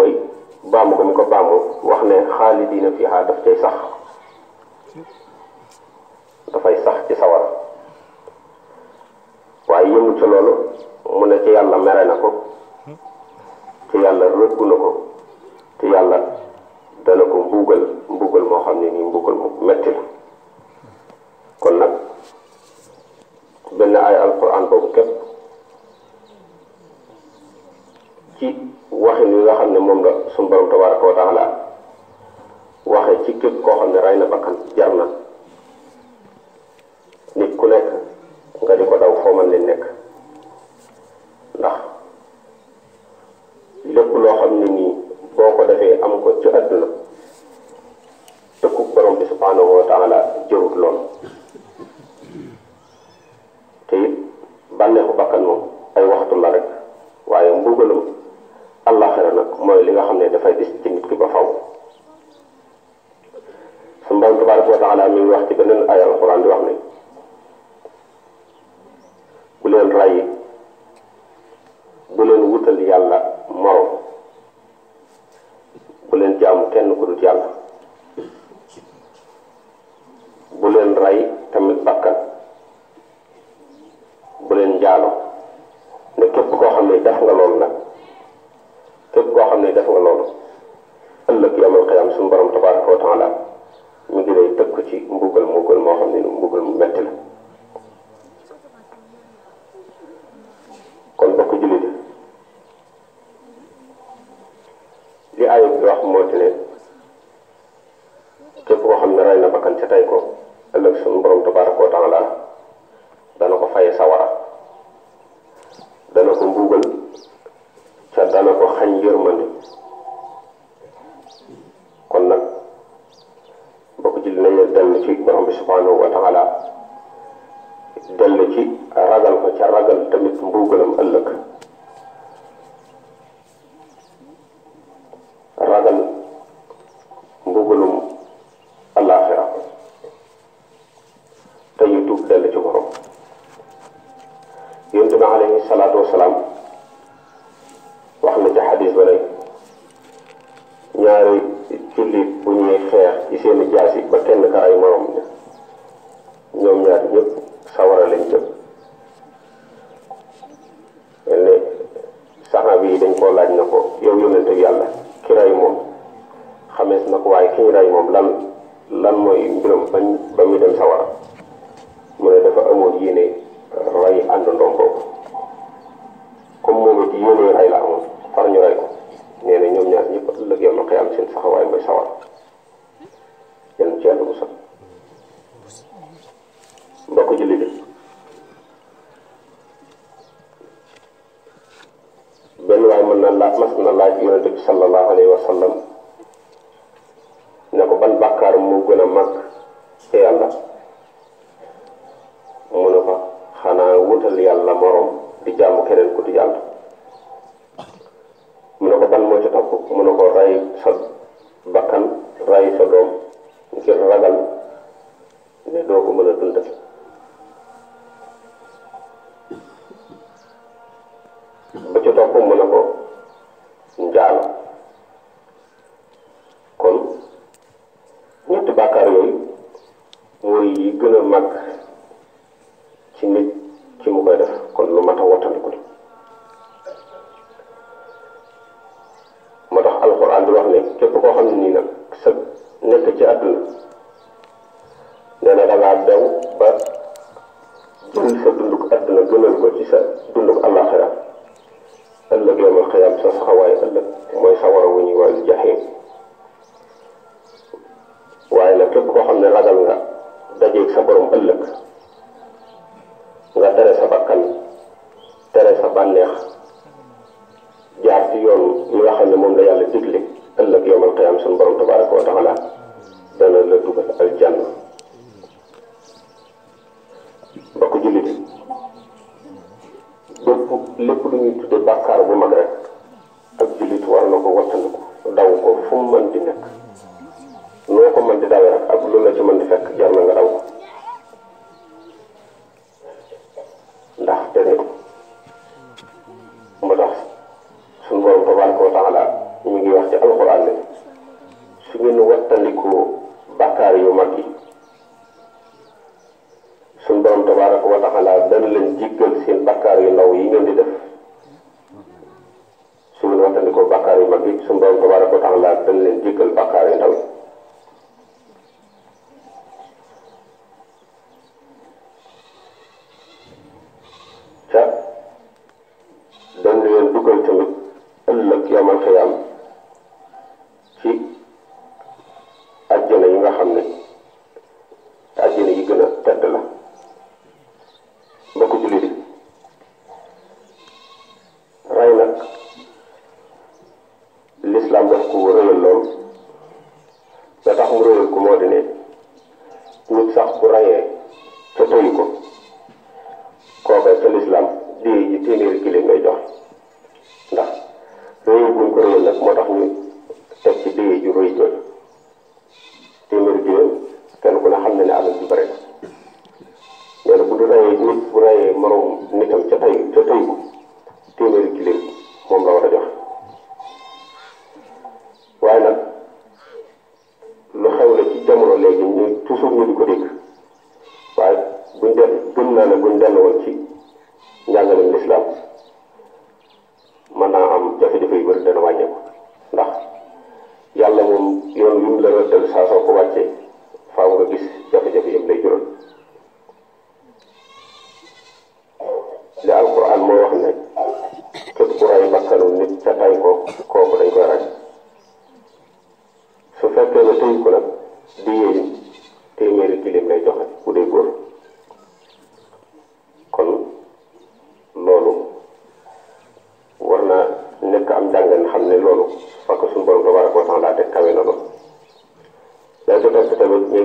mooy baamu ko mu ko baamu wax ne xaalidiina fiha daf cay sax dafay sax ci sawara waaye yëmu ci loolu mu ne ci yàlla mere na ko ci yàlla rëkku na ko ci yàlla dana ko mbugal mbugal moo xam ne nii mbugal mu metti la kon nag benn ay alquran boobu képp yi xam ne moom la suñu borom tabaraka wa taala waxe ci képp koo xam ne rey na bakkan jar na nit ku nekk nga di ko daw foo mën nekk ndax lépp loo xam ne nii boo ko defee am ko ci àdduna tëkku borom bi subhanahu wa taala jërut lool te it bànneexu bakkan moom ay waxtu la rek waaye mbugalum àllaaxira nag mooy li nga xam ne dafa des ci nit ki ba faw su mborom tabaraka wa taala mi ngi wax ci beneen ay di wax ne bu leen ràyyi wutal yàlla morom bu jaamu kenn ku dul yàlla bu leen tamit bakkan bu leen ne képp koo xam ne def nga loolu nag koo xam ne def nga loolu ëllëg yawmal qiyaam suñu borom tabaaraka wa taala mu ngi lay tëkk ci mbugal mbugal moo xam ne ni mbugal mu metti la kon bokk jullit li aaya bi wax moo te ne képp koo xam ne rey na bakkan ca tey ko ëllëg suñu borom tabaaraka wa taala dana ko faye sawara dana ko xañ yërmande kon nag bokk ci li nañu dell ci borom bi subhanahu wa taala dell ci ragal ko ca ragal tamit mbugalam ëllëg ñaari jullit bu ñuy xeex ci seeni jaas yi ba kenn ka ay morom ñoom ñaar ñëpp sawara lañ jëm mel ne saxaaba dañ koo laaj na ko yow yónnente bi yàlla ki rey moom xamees na ko waaye ki ñu rey moom lan lan mooy mbiram bañ dafa laaj yonent bi sallallahu alayhi wa sallam ne ko ban bàkkaar moo gën a mag te yàlla mu ne ko xanaa wutal yàlla moroom di jaamu keneen ku di yàlla mu ne ko ban moo ci topp mu ne ko ray sa bakkan ray sa doom ngir ragal ne doo ko mën a dundal bàkkaar yooyu mooy yi gën mag ci nit ci mu koy def kon lu mat a wattandiku moo tax alxuraan di wax ne képp koo xam ne nii nag sa nekk ci àdduna nee na dangaa dew ba jël sa dunduk àdduna gënal ko ci sa dunduk àllaaxira ëllëg yomal xiyaam sa saxawaay ëllëg mooy sawara wu ñuy waay jaxiim waaye nag képp koo xam ne ragal nga dajeeg sa borom ëllëg nga tere sa bakkan tere sa bànneex jaar ci yoon yi nga xam ne moom la yàlla digle ëllëg yowmal qiyaam suñu borom tabaraka wa taala dana la dugal aljanna bokk jullit bépp lépp lu ñuy tudde bàkkaar bu mag rek moytandikoo bàkkaar yu mag yi suñ borom tabaraka wa taala dana leen jéggal seen yu ndaw yi ngeen di def su ngeen moytandikoo bàkkaar yu mag yi suñ borom tabaraka wa taala dana leen ko réyal nag moo tax ñu teg ci béyee ju rëy jooju téeméeri giléem ku ne xam ne ne alal ju bare na bu du rayee nit bu rayee moroom ca tey ca tey ko téeméeri giléem moom la war a jox waaye nag lu xew la ci jamono léegi ñu toujours ñu di ko dégg waaye buñ def gëm naa ne buñ delluwoon ci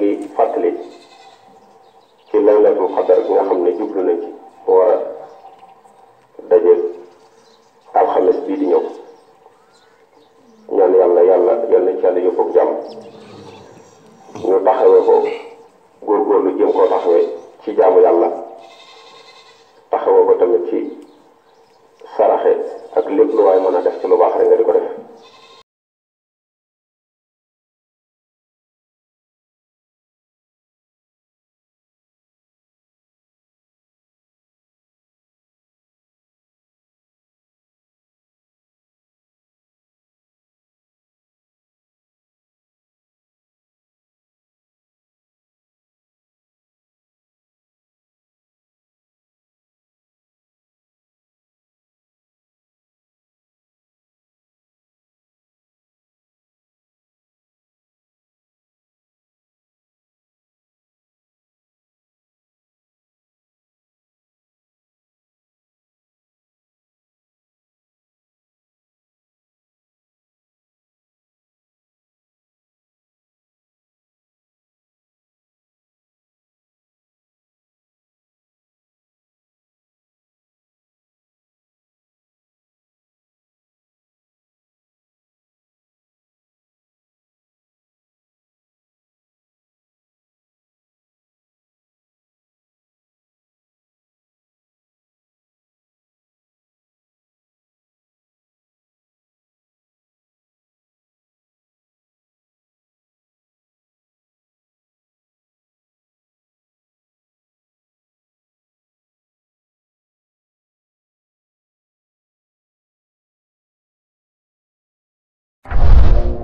ngi fàttali ci laylatul xadar bi nga xam ne jublu nañ ci war a daje alxames di ñëw ñaan yàlla yàlla yàlla ci yàlla yóbbu jàmm ñu taxawee ko góorgóorlu jëm koo taxawee ci jaamu yàlla taxawee ko tamit ci